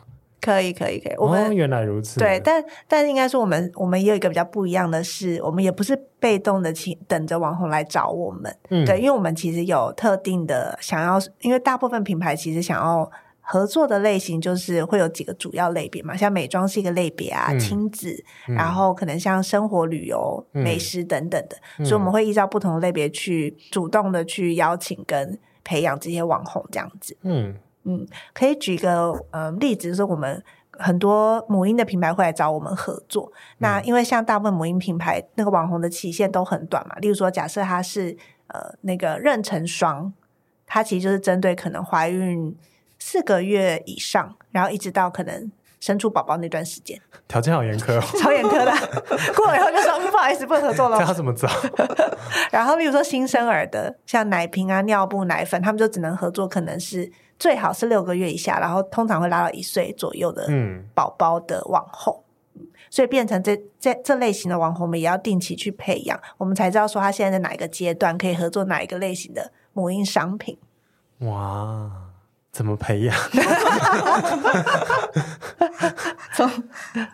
Speaker 2: 可以可以可以。我們、哦、原
Speaker 1: 來如此，對，但
Speaker 2: 但是應該說我，我們我們也有一個比較不一樣的是，是我們也不是被動的請等着網紅來找我們，嗯，對，因為我們其實有特定的想要，因為大部分品牌其實想要合作的類型，就是會有幾個主要類別嘛，像美妝是一個類別啊，嗯、親子、嗯，然後可能像生活、旅遊、美食等等的、嗯，所以我們會依照不同的類別去主動的去邀請跟。培養這些網紅這樣子，嗯嗯，可以舉個呃例子，說、就是，我們很多母嬰的品牌會來找我們合作，嗯。那因為像大部分母嬰品牌，那個網紅的期限都很短嘛。例如說，假設它是呃那個妊娠霜，它其實就是針對可能懷孕四個月以上，然後一直到可能。生出寶寶那段時間，
Speaker 1: 條件好嚴苛。哦，超嚴苛的。
Speaker 2: 過了以後就說 不好意思，不能合作了。這他怎麼找？ 然後，例如說新生兒的，像奶瓶啊、尿布、奶粉，他們就只能合作，可能是最好是六個月以下，然後通常會拉到一歲左右的嗯，寶寶的網紅、嗯。所以變成這這這類型的網紅，我們也要定期去培養，我們才知道說他現在在哪一個階段可以合作哪一個類型的母嬰商品。
Speaker 1: 哇，怎麼培養？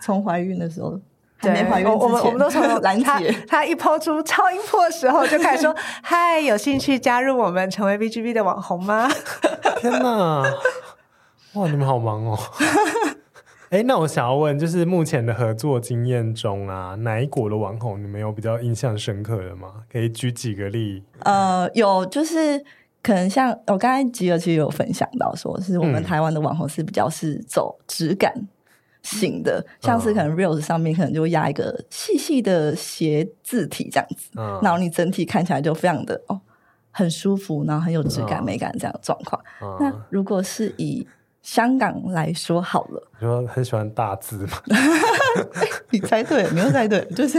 Speaker 3: 從懷孕的時候，還沒懷
Speaker 2: 孕對，我我們我們都從 他
Speaker 3: 他一拋出超
Speaker 2: 音波的時候，就開始說：“嗨， 有興趣加入我們，成為 VGV 的網紅嗎？”
Speaker 1: 天哪、啊，哇，你們好忙哦！哎、 欸，那我想要問，就是目前的合作經驗中啊，哪一國的網紅你們有比較印象深刻的嗎？可以舉幾個例？
Speaker 3: 呃，有，就是可能像我剛才 Jill 其實有分享到，說是我們台灣的網紅是比較是走質感。嗯型的，像是可能 reels 上面可能就會壓一個細細的斜字體這樣子，嗯，然後你整體看起來就非常的哦，很舒服，然後很有質感美感，這樣的狀況，嗯嗯。那如果是以香港來說好了，
Speaker 1: 你說很喜歡大字嗎？
Speaker 3: 你猜對，沒有猜對， 就是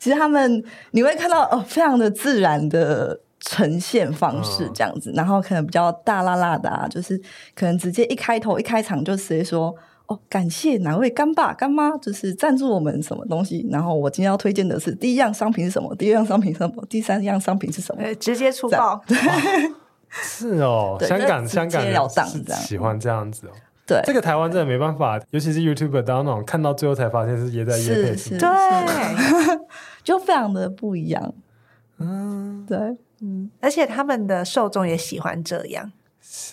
Speaker 3: 其實他們你會看到哦，非常的自然的呈現方式這樣子，嗯，然後可能比較大辣辣的啊，就是可能直接一開頭一開場就直接說。哦，感謝哪位乾爸乾媽，媽就是贊助我們什麼東西。然後我今天要推薦的是第一樣商品是什麼，第二樣商品是什麼，第三樣商品是什麼，直接粗暴，
Speaker 1: 是哦、喔，香港要這樣，香港人是喜歡這樣子哦、喔。對，這個台灣真的沒辦法，尤其是 YouTuber 當那種看到最後才發現是也在業配
Speaker 3: 是是，是，是，是，是對， 就非常的不一樣。嗯，
Speaker 2: 對，嗯，而且他們的受眾也喜歡這樣。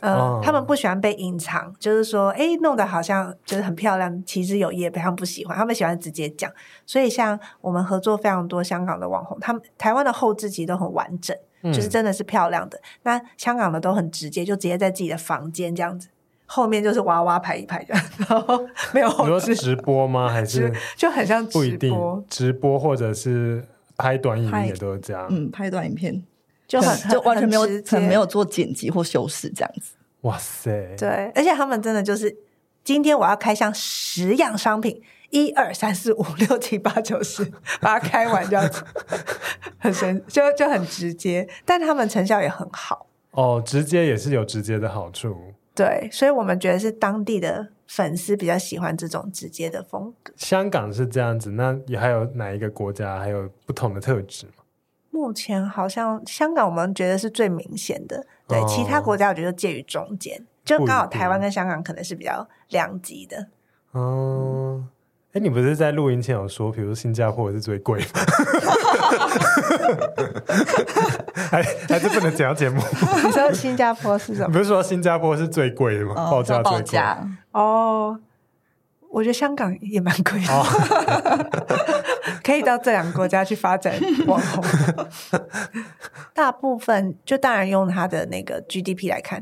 Speaker 2: 嗯、哦，他們不喜歡被隱藏，就是說，哎、欸，弄得好像就是很漂亮，其實有也非常不喜歡。他們喜歡直接講，所以像我們合作非常多香港的網紅，他們台灣的後製其實都很完整，就是真的是漂亮的、嗯。那香港的都很直接，就直接在自己的房間這樣子，後面就是娃娃拍一拍，然後
Speaker 1: 沒有。你說是直播嗎？還是
Speaker 3: 就很像直播？
Speaker 1: 直播或者是拍短影片也都是這樣。
Speaker 3: 嗯，拍短影片。就很就完全沒有，沒有做剪輯或修飾這樣子。
Speaker 1: 哇塞！
Speaker 3: 對，而且他們真的就是，今天我要開箱十樣商
Speaker 2: 品，一二三四五六七八九十，把它開完這樣子，很神，就就很直接。但他們成效也很好。
Speaker 1: 哦，直接也是有直接的好處。
Speaker 2: 對，所以我們覺得是當地的粉絲比較喜歡這種直接的風格。
Speaker 1: 香港是這樣子，那也還有哪一個國家還有不同的特質嗎？
Speaker 2: 目前好像香港，我們覺得是最明顯的。哦、對，其他國家，我覺得介於中間，就剛好台灣跟香港可能是比較兩極的。
Speaker 1: 哦，哎、欸，你不是在錄音前有說，比如說新加坡也是最貴嗎？ 還是不能講節目。
Speaker 2: 你說新加坡是什麼？不是
Speaker 1: 說新加坡是最貴的嗎？報、哦、價最貴。
Speaker 2: 哦。我覺得香港也蠻貴的，oh. 可以到這兩個國家去發展網紅的。 大部分就當然用它的那個 GDP 來看，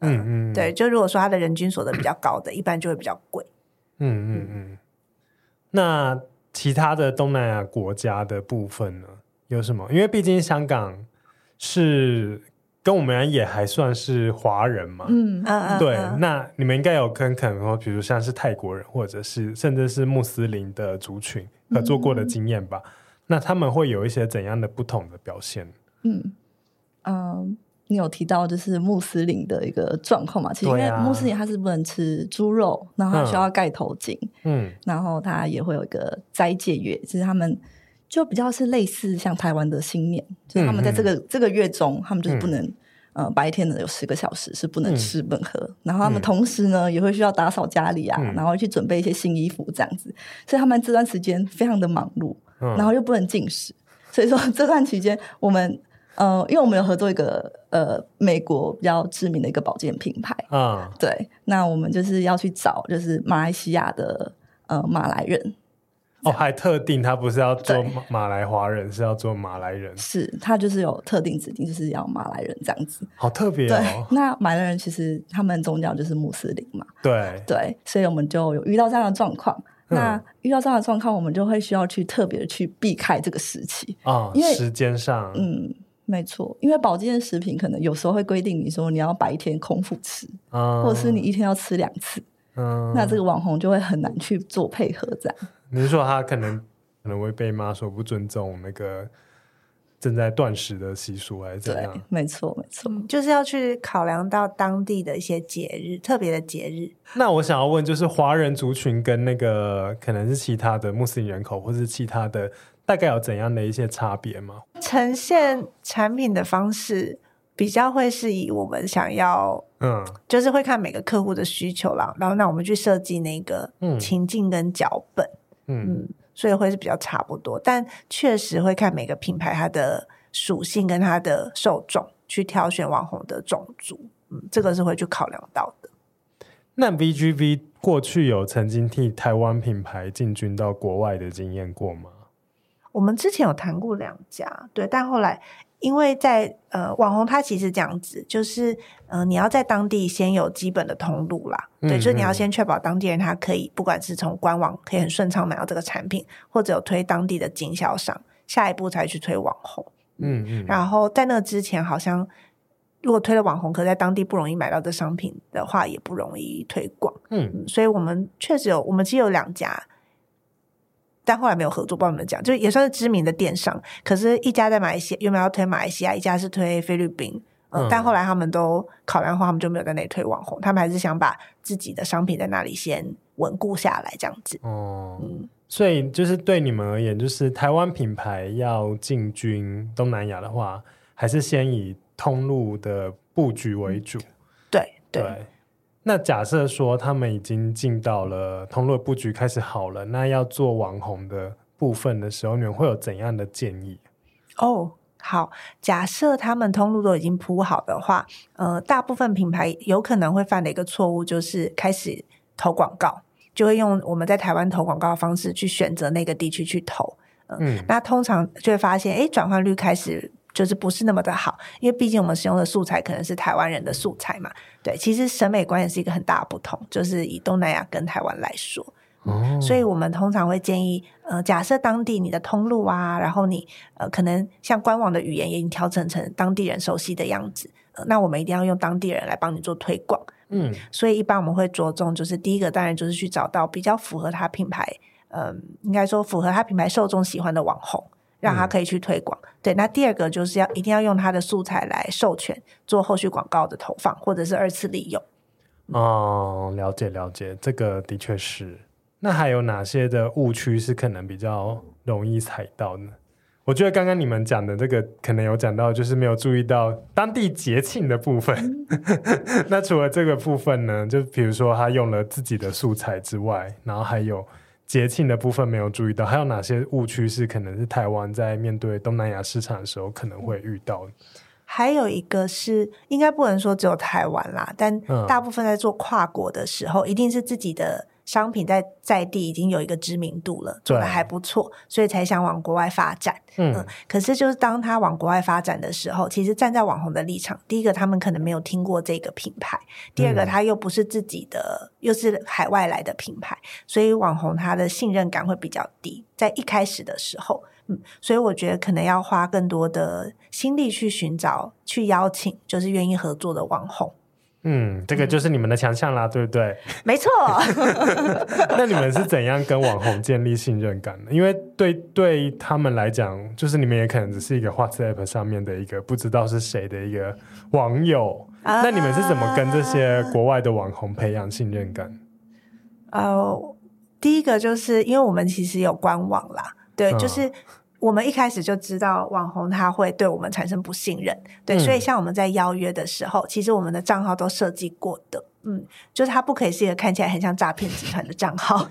Speaker 2: 呃、
Speaker 1: 嗯，嗯嗯，對，
Speaker 2: 就如果說它的人均所得比較高的， 一般就會比較貴，嗯
Speaker 1: 嗯嗯，嗯。那其他的東南亞國家的部分呢？有什麼？因為畢竟香港是。跟我們也還算是華人
Speaker 2: 嘛，嗯嗯、啊啊啊、對，
Speaker 1: 那你們應該有跟可能說，比如像是泰國人，或者是甚至是穆斯林的族群合作過的經驗吧、嗯？那他們會有一些怎樣的不同的表現？嗯，
Speaker 3: 呃、你有提到就是穆斯林的一個狀況嘛？其實因為、啊、穆斯林他是不能吃豬肉，然後他需要蓋頭巾、嗯，嗯，然後他也會有一個齋戒月，就是他們。就比較是類似像台灣的新年，就是他們在這個、嗯、這個月中，他們就是不能、嗯、呃白天呢有十個小時是不能吃不能、嗯、喝，然後他們同時呢、嗯、也會需要打掃家裡啊、嗯，然後去準備一些新衣服這樣子，所以他們這段時間非常的忙碌，然後又不能進食、嗯，所以說這段期間我們呃因為我們有合作一個呃美國比較知名的一個保健品牌啊、嗯，對，那我們就是要去找就是馬來西亞的呃馬來人。
Speaker 1: 哦，還特定他不是要做馬來華人，是要做馬來人，
Speaker 3: 是他就是有特定指定，就是要馬來人這樣子，
Speaker 1: 好特別哦。對。
Speaker 3: 那馬來人其實他們宗教就是穆斯林嘛，
Speaker 1: 對對，
Speaker 3: 所以我們就有遇到這樣的狀況。那遇到這樣的狀況，我們就會需要去特別去避開這個時期
Speaker 1: 啊、哦，因為時間上，嗯，
Speaker 3: 沒錯，因為保健食品可能有時候會規定你說你要白天空腹吃，
Speaker 1: 嗯，或者是你
Speaker 3: 一天要吃兩次，
Speaker 1: 嗯，那這個
Speaker 3: 網紅就會很難去做配合這樣。
Speaker 1: 你說他可能可能會被罵說不尊重那個正在斷食的習俗，還是怎樣？
Speaker 2: 對，沒錯，沒錯，就是要去考量到當地的一些節日，特別的節日。
Speaker 1: 那我想要問，就是華人族群跟那個可能是其他的穆斯林人口，或是其他的，大概有怎樣的一些差別嗎？
Speaker 2: 呈現產品的方式比較會是以我們想要，嗯，就是會看每個客戶的需求啦，然後那我們去設計那個情境跟腳本。嗯嗯，所以會是比較差不多，但確實會看每個品牌它的屬性跟它的受眾去挑選網紅的種族，嗯，這個是會去考量到的。
Speaker 1: 那 VGV 過去有曾經替台灣品牌進軍到國外的經驗過嗎？
Speaker 2: 我們之前有談過兩家，對，但後來。因為在呃網紅他其實這樣子，就是呃，你要在當地先有基本的通路啦。嗯嗯、對，就是你要先確保當地人他可以不管是從官網可以很順暢買到這個產品，或者有推當地的經銷商，下一步才去推網紅，嗯嗯，然後在那之前好像如果推了網紅可在當地不容易買到這商品的話，也不容易推廣，嗯，嗯，所以我們確實有，我們其實有兩家。但後來沒有合作，不知道你們講，就是也算是知名的電商，可是一家在馬來西亞，原本要推馬來西亞，一家是推菲律賓，呃、嗯，但後來他們都考量的話，他們就沒有在那裡推網紅，他們還是想把自己的商品在那裡先穩固下來，這樣子。哦、嗯
Speaker 1: 嗯，所以就是對你們而言，就是台灣品牌要進軍東南亞的話，還是先以通路的布局為主。對、嗯、對。對對那假設說他們已經進到了通路布局開始好了，那要做網紅的部分的時候，你們會有怎樣的建議？
Speaker 2: 哦，好，假設他們通路都已經鋪好的話，呃，大部分品牌有可能會犯的一個錯誤就是開始投廣告，就會用我們在台灣投廣告的方式去選擇那個地區去投，呃，嗯，那通常就會發現，誒，轉換率開始。就是不是那麼的好，因為畢竟我們使用的素材可能是台灣人的素材嘛。對，其實審美觀也是一個很大的不同，就是以東南亞跟台灣來說，嗯，所以我們通常會建議，呃，假設當地你的通路啊，然後你呃，可能像官網的語言也已經調整成，成當地人熟悉的樣子，呃，那我們一定要用當地人來幫你做推廣。嗯，所以一般我們會着重，就是第一個當然就是去找到比較符合他品牌，嗯、呃，應該說符合他品牌受眾喜歡的網紅。讓他可以去推廣，嗯，對。那第二個就是要一定要用他的素材來授權做後續廣告的投放，或者是二次利用。
Speaker 1: 哦，了解了解，這個的確是。那還有哪些的誤區是可能比較容易踩到呢？我覺得剛剛你們講的這個可能有講到，就是沒有注意到當地節慶的部分。嗯、 那除了這個部分呢？就比如說他用了自己的素材之外，然後還有。節慶的部分沒有注意到，還有哪些誤區是可能是台灣在面對東南亞市場的時候可能會遇到？
Speaker 2: 還有一個是，應該不能說只有台灣啦，但大部分在做跨國的時候，嗯、一定是自己的。商品在在地已經有一個知名度了，做的還不錯，所以才想往國外發展，嗯。嗯，可是就是當他往國外發展的時候，其實站在網紅的立場，第一個他們可能沒有聽過這個品牌，第二個他又不是自己的，嗯、又是海外來的品牌，所以網紅他的信任感會比較低，在一開始的時候，嗯，所以我覺得可能要花更多的心力去尋找、去邀請，就是願意合作的網紅。
Speaker 1: 嗯，這個就是你們的強項啦，嗯、對不對？
Speaker 2: 沒錯。
Speaker 1: 那你們是怎樣跟網紅建立信任感呢？因為對對他們來講，就是你們也可能只是一個 WhatsApp 上面的一個不知道是誰的一個網友。嗯、那你們是怎麼跟這些國外的網紅培養信任感？
Speaker 2: 呃，呃第一個就是因為我們其實有官網啦，對，嗯、就是。我們一開始就知道網紅他會對我們產生不信任，對，所以像我們在邀約的時候，其實我們的賬號都設計過的，嗯，就是他不可以是一個看起來很像詐騙集團的賬號，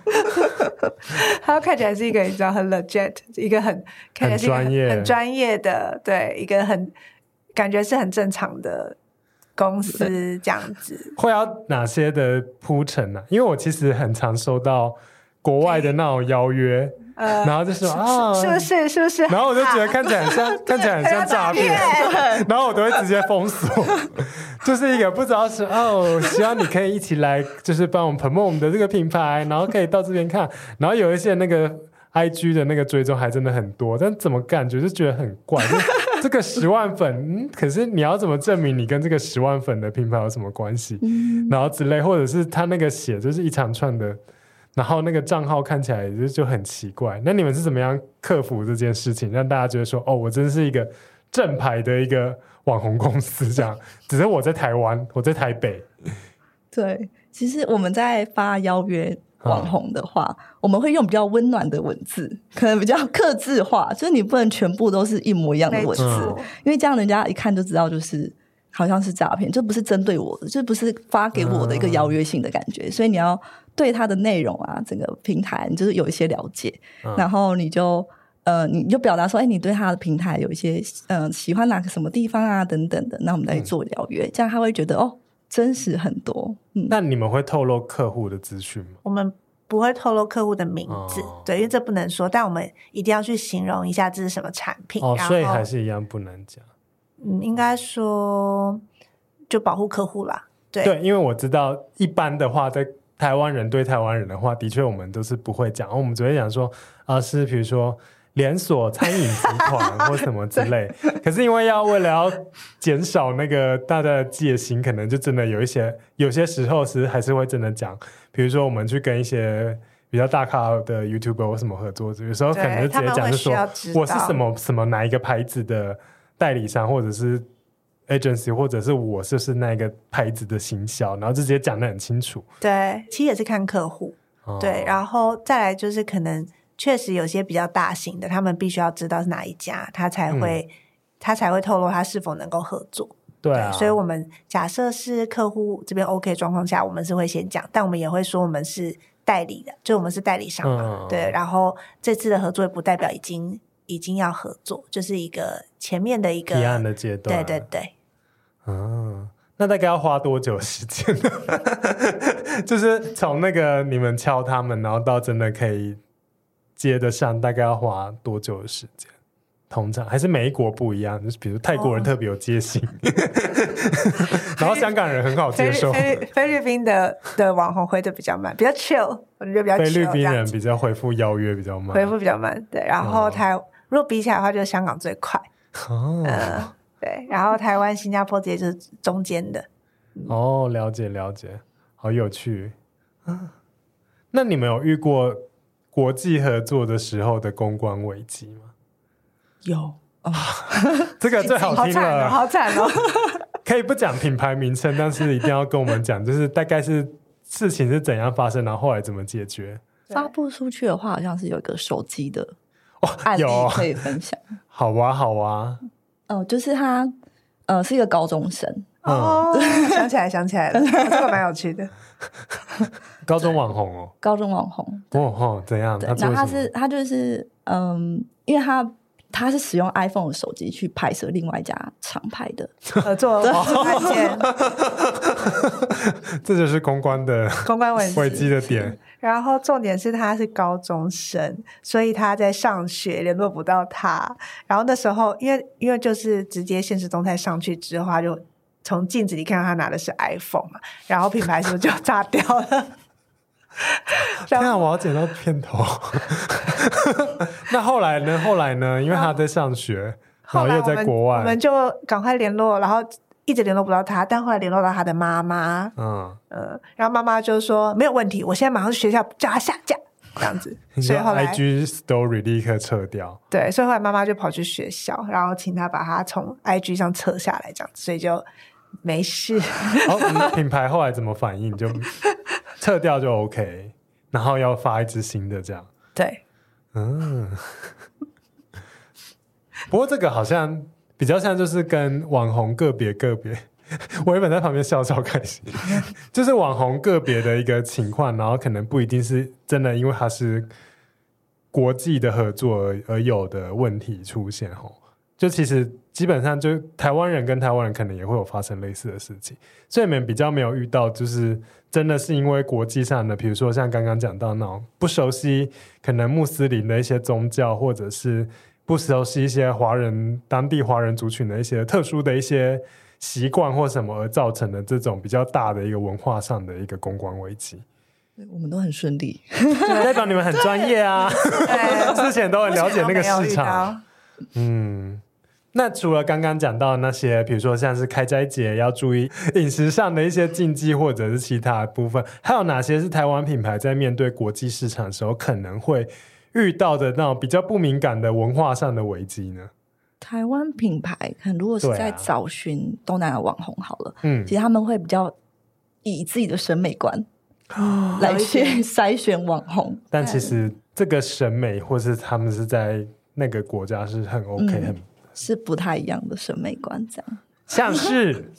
Speaker 2: 他 看起來是一個你知道很 legit，一個很看起來是很專業、很專業的，對，一個很感覺是很正常的公司這樣子。
Speaker 1: 會要哪些的鋪陳呢？因為我其實很常收到國外的那種邀約。
Speaker 2: 嗯、呃，然後就說是啊，是不是是不是？然後我就覺得看起來很像，看起來很像詐騙。然
Speaker 1: 後我都會直接封鎖， 就是一個不知道是哦，希望你可以一起來，就是幫我們捧捧我們的這個品牌，然後可以到這邊看。然後有一些那個 I G 的那個追蹤還真的很多，但怎麼感覺就覺得很怪。 這個十萬粉、嗯，可是你要怎麼證明你跟這個十萬粉的品牌有什麼關係？嗯、然後之類，或者是他那個寫就是一長串的。然後那個賬號看起來就很奇怪，那你們是怎麼樣克服這件事情，讓大家覺得說哦，我真是一個正牌的一個網紅公司這樣？只是我在台灣，我在台北。
Speaker 3: 對，其實我們在發邀約網紅的話，哦、我們會用比較溫暖的文字，可能比較客製化，所以你不能全部都是一模一樣的文字，因為這樣人家一看就知道就是。好像是詐騙，這不是針對我的，這不是發給我的一個邀約性的感覺，嗯、所以你要對它的內容啊，整個平台，你就是有一些了解，嗯、然後你就呃，你就表達說，哎、欸，你對他的平台有一些嗯、呃，喜歡哪個什麼地方啊，等等的，那我們來做邀約、嗯，這樣他會覺得哦，真實很多、
Speaker 1: 嗯。那你們會透露客戶的資訊嗎？
Speaker 3: 我們不會透露客戶的名
Speaker 2: 字、哦，對，因為這不能說，但我們一定要去形容一下這是什麼產品，哦，所以還
Speaker 1: 是一樣不能講。
Speaker 2: 嗯，應該說就保護客戶啦，對，對，
Speaker 1: 因為我知道一般的話，在台灣人對台灣人的話，的確我們都是不會講。我們昨天講說啊，是比如說連鎖餐飲集團或什麼之類， 可是因為要為了要減少那個大家的戒心，可能就真的有一些有些時候，其實還是會真的講。比如說我們去跟一些比較大咖的 YouTuber 或什麼合作，有時候可能就直接講就說我是什麼什麼哪一個牌子的。代理商或者是 agency，或者是我就是那個牌子的行銷，然後就直接講得很清楚。
Speaker 2: 對，其實也是看客戶。哦。對，然後再來就是可能確實有些比較大型的，他們必須要知道是哪一家，他才會、嗯、他才會透露他是否能夠合作。
Speaker 3: 對、啊對，所以
Speaker 2: 我們假設是客戶這邊 OK 狀況下，我們是會先講，但我們也會說我們是代理的，就我們是代理商嘛。嗯、對，然後這次的合作也不代表已經。已經要合作，就是一個前面的一個提案的階段，對對對，嗯、哦、
Speaker 1: 那大概要花多久時間？ 就是從那個你們敲他們，然後到真的可以接得上，大概要花多久的時間？通常還是每一國不一樣，就是比如說泰國人特別有戒心、哦、 然後香港人很好接受，
Speaker 2: 菲律賓的的網紅回復比較慢，比較 chill，我覺得比較 chill，菲律賓人
Speaker 1: 比較回復邀約比較慢，回
Speaker 2: 復比較慢，對，然後台。哦如果比起來的話，就香港最快，嗯、哦呃，對，然後台灣、新加坡這些就是中間的，
Speaker 1: 嗯、哦，了解了解，好有趣，嗯，那你們有遇過國際合作的時候的公關危機嗎？
Speaker 2: 有
Speaker 1: 哦， 這個最好聽了 好慘哦，好慘哦 可以不講品牌名稱，但是一定要跟我們講，就是大概是事情是怎樣發生， 然後，後來怎麼解決。
Speaker 3: 發布出去的話，好像是有一個手機的。有，可以分享、哦。好啊，好啊。哦、呃，就是他，呃，是一個高中生。哦、嗯，想起來， 想起來了，這
Speaker 2: 個、蠻有趣的。
Speaker 1: 高中網紅哦，
Speaker 3: 高中網紅。
Speaker 1: 哦吼、哦，怎樣？
Speaker 3: 那他，他是他就是嗯、呃，因為他他是使用 iPhone 的手機去拍攝另外一家廠牌的，呃， 做廣告。哦、
Speaker 1: 這就是公關的公關危機的點。
Speaker 3: 然後重點是他是高
Speaker 2: 中生，所以他在上學，聯絡不到他。然後那時候，因為因為就是直接現實動態上去之後，他就從鏡子裡看到他拿的是 iPhone 嘛，然後品牌是不是就炸掉了？現 在、啊、我要剪到片頭。
Speaker 1: 那後來呢？後來呢？因為他在上學，然後，後我又在國外，我們
Speaker 2: 就趕快聯絡，然後。一直聯絡不到他，但後來聯絡到他的媽媽。嗯、呃、然後媽媽就說沒有問題，我現在馬上去學校叫他下架，這樣子。所以後來。I G
Speaker 1: story 立刻撤掉。
Speaker 2: 對，所以後來媽媽就跑去學校，然後請他把他從 I G 上撤下來，這樣子，所以就沒事。哦、
Speaker 1: 品牌後來怎麼反應？就撤掉就 OK， 然後要發一支新的這樣。對，嗯。不過這個好像。比較像就是跟網紅個別個別， 我原本在旁邊笑超開心， 就是網紅個別的一個情況，然後可能不一定是真的，因為他是國際的合作而有的問題出現齁。就其實基本上就台灣人跟台灣人可能也會有發生類似的事情，所以你們比較沒有遇到就是真的是因為國際上的，比如說像剛剛講到那種不熟悉，可能穆斯林的一些宗教或者是。不都是一些華人當地華人族群的一些特殊的一些習慣或什麼而造成的這種比較大的一個文化上的一個公關危機，
Speaker 3: 我們都很順利， 代表你們很專業
Speaker 2: 啊。
Speaker 3: 之前都很了解那個市場。嗯，
Speaker 1: 那除了剛剛講到那些，比如說像是開齋節要注意飲食上的一些禁忌，或者是其他部分，還有哪些是台灣品牌在面對國際市場的時候可能會？遇到的那種比較不敏感的文化上的危機呢？
Speaker 3: 台灣品牌，可能如果是在找尋東南亞網紅，好了，嗯、啊，其實他們會比較以自己的審美觀來去篩選網紅，嗯。但其實
Speaker 1: 這個審美，或是他們是在那個國家是很 OK，、嗯、很
Speaker 3: 是不太一樣的審美觀，這樣像是，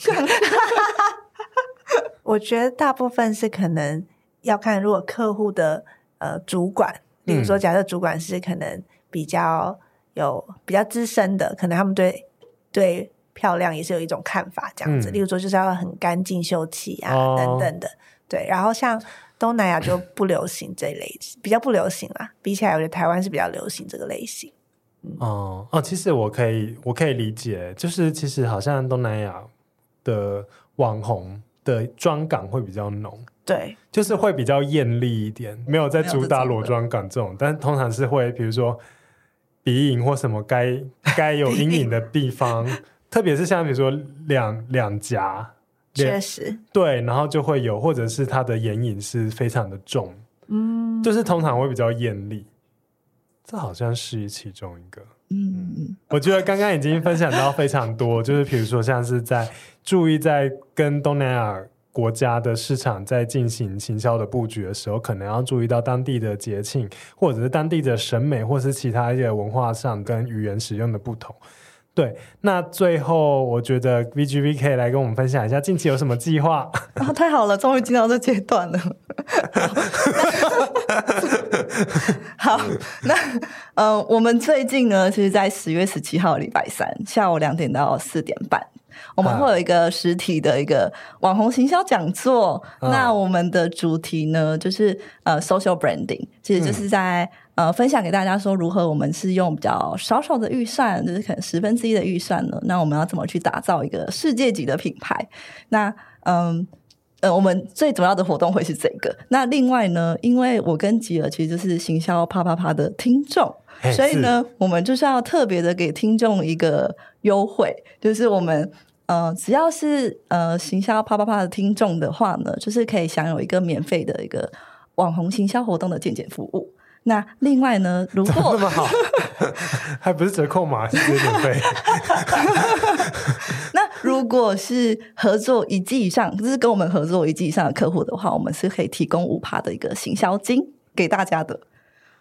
Speaker 2: 我覺得大部分是可能要看，如果客戶的、呃、主管。例如說，假設主管是可能比較有比較資深的，可能他們對對漂亮也是有一種看法，這樣子。嗯、例如說，就是要很乾淨秀氣啊、哦，等等的。對，然後像東南亞就不流行這類，嗯、比較不流行啊。比起來，我覺得台灣是比較流行這個類型。
Speaker 1: 嗯、哦哦，其實我可以我可以理解，就是其實好像東南亞的網紅的妝感會比較濃。對，就是會比較艷麗一點，沒有在主打裸妝感這種，但通常是會比如說鼻影或什麼該該有陰影的地方， 特別是像比如說兩兩頰，
Speaker 2: 頰，確實
Speaker 1: 對，然後就會有，或者是他的眼影是非常的重，嗯，就是通常會比較艷麗，這好像是其中一個，嗯，我覺得剛剛已經分享到非常多， 就是比如說像是在注意在跟東南亞國家的市場在進行行銷，銷的布局的時候，可能要注意到當地的節慶，或者是當地的審美，或是其他一些文化上跟語言使用的不同。對，那最後我覺得 VGV 可以來跟我們分享一下近期有什麼計劃
Speaker 3: 啊？太好了，終於進到這階段了。 好，那， 好那呃，我們最近呢其實在十月十七號，禮拜三下午兩點到四點半。我們會有一個實體的一個網紅行銷講座，啊、那我們的主題呢，就是呃，social branding，其實就是在、嗯、呃分享給大家說，如何我們是用比較少少的預算，就是可能十分之一的預算呢，那我們要怎麼去打造一個世界級的品牌？那嗯呃，呃，我們最主要的活動會是這個。那另外呢，因為我跟吉爾其實就是行銷啪啪啪的聽眾，所以呢，我們就是要特別的給聽眾一個優惠，就是我們。呃，只要是呃行銷啪啪啪的聽眾的話呢，就是可以享有一個免費的一個網紅行銷活動的健檢服務。那另外呢，如
Speaker 1: 果這麼，麼好， 還不是折扣嘛？是免費。
Speaker 3: 那如果是合作一季以上，就是跟我們合作一季以上的客戶的話，我們是可以提供五趴的一個行銷金給大家的。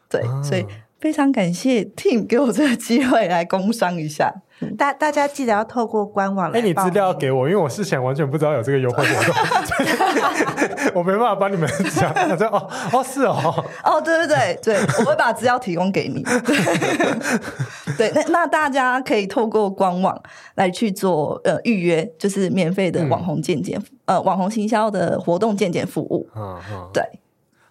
Speaker 3: 對，嗯、所以。非常感謝 Team 給我這個機會來工商一下，嗯、大家大家記得要透過官網來。哎，你資
Speaker 1: 料給我，因為我事前完全不知道有這個優惠活動， 我沒辦法幫你們講。講 哦，哦是哦，
Speaker 3: 哦對對對對，我會把資料提供給你。 對， 對，那那大家可以透過官網來去做呃預約，就是免費的網紅健檢、嗯、呃網紅行銷的活動健檢服務。嗯嗯，對。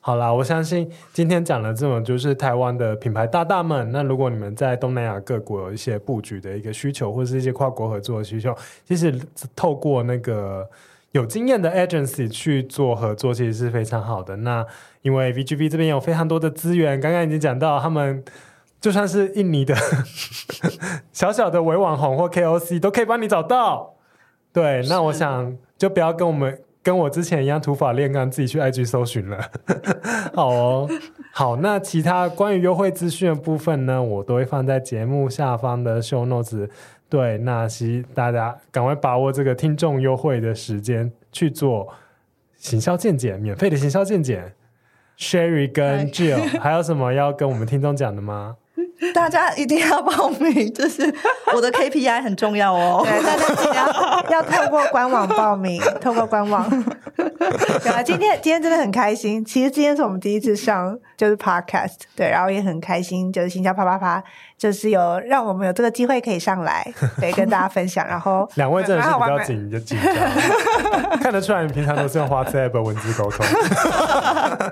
Speaker 1: 好啦，我相信今天講了這種，就是台灣的品牌大大們。那如果你們在東南亞各國有一些布局的一個需求，或者是一些跨國合作的需求，其實透過那個有經驗的 agency 去做合作，其實是非常好的。那因為 VGV 這邊有非常多的資源，剛剛已經講到，他們就算是印尼的 小小的微網紅或 KOC 都可以幫你找到。對，那我想就不要跟我們。跟我之前一樣，土法煉鋼，自己去 IG 搜尋了。 好哦，好，那其他關於優惠資訊的部分呢，我都會放在節目下方的 show notes。對，那希大家趕快把握這個聽眾優惠的時間去做行銷健檢，免費的行銷健檢。Sherry 跟 Jill，還有什麼要跟我們聽眾講的嗎？
Speaker 3: 大家一定要報名，就是我的 KPI 很重要哦。 對，大家一定要要透過官網報名，透過官網。
Speaker 2: 對啊，今天今天真的很開心，其實今天是我們第一次上就是 Podcast，對，然後也很開心，就是新加啪啪啪。就是有讓我們有這個機會可以上來，可以跟
Speaker 3: 大家分享。然後兩 位真的是比較緊，
Speaker 1: 就緊張，看得出來你平常都是用 WhatsApp 文字溝通。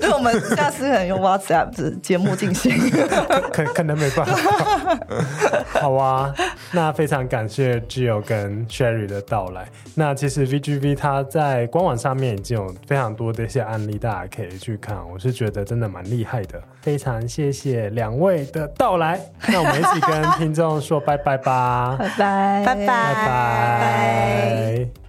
Speaker 3: 對， 我們下次可能用 WhatsApp 節目進行，
Speaker 1: 可可能沒辦法。 好啊，那非常感謝 Jill 跟 Sherry 的到來。那其實 VGV 它在官網上面已經有非常多的一些案例，大家可以去看。我是覺得真的蠻厲害的。非常謝謝兩位的到來。 來，那我們一起跟聽眾說拜拜吧！ 拜拜，拜
Speaker 2: 拜，拜拜。拜
Speaker 1: 拜。